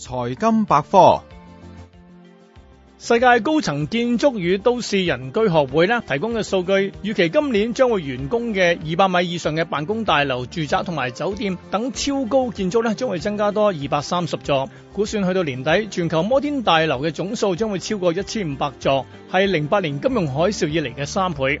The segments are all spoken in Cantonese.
財金百科，世界高層建築與都市人居學會咧提供嘅數據，預期今年將會完工嘅二百米以上嘅辦公大樓、住宅同埋酒店等超高建築咧，將會增加多二百三十座。估算去到年底，全球摩天大樓嘅總數將會超過一千五百座，係零八年金融海嘯以嚟嘅三倍。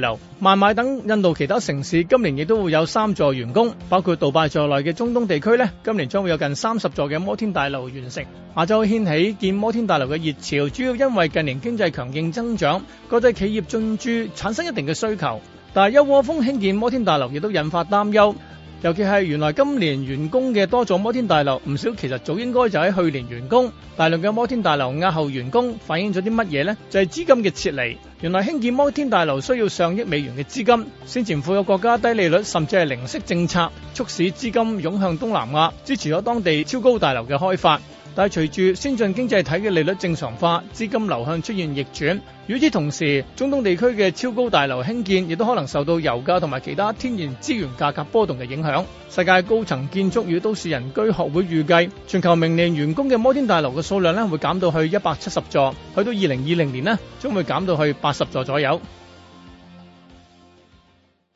樓、孟買等印度其他城市今年亦都會有三座完工，包括杜拜在內嘅中東地區咧，今年將會有近三十座嘅摩天大樓完成。亞洲掀起建摩天大樓嘅熱潮，主要因為近年經濟強勁增長，國際企業進駐產生一定嘅需求，但係一窩蜂興建摩天大樓亦都引發擔憂。尤其係原來今年完工嘅多座摩天大樓，唔少其實早應該就喺去年完工。大量嘅摩天大樓壓後完工，反映咗啲乜嘢呢？就係、是、資金嘅撤離。原來興建摩天大樓需要上億美元嘅資金，先前富有國家低利率甚至係零息政策，促使資金湧向東南亞，支持咗當地超高大樓嘅開發。但係隨住先進經濟體嘅利率正常化，資金流向出現逆轉。與此同時，中東地區嘅超高大樓興建，亦都可能受到油價同埋其他天然資源價格波動嘅影響。世界高層建築與都市人居學會預計，全球明年完工嘅摩天大樓嘅數量呢，會減到去一百七十座，去到二零二零年呢，將會減到去八十座左右。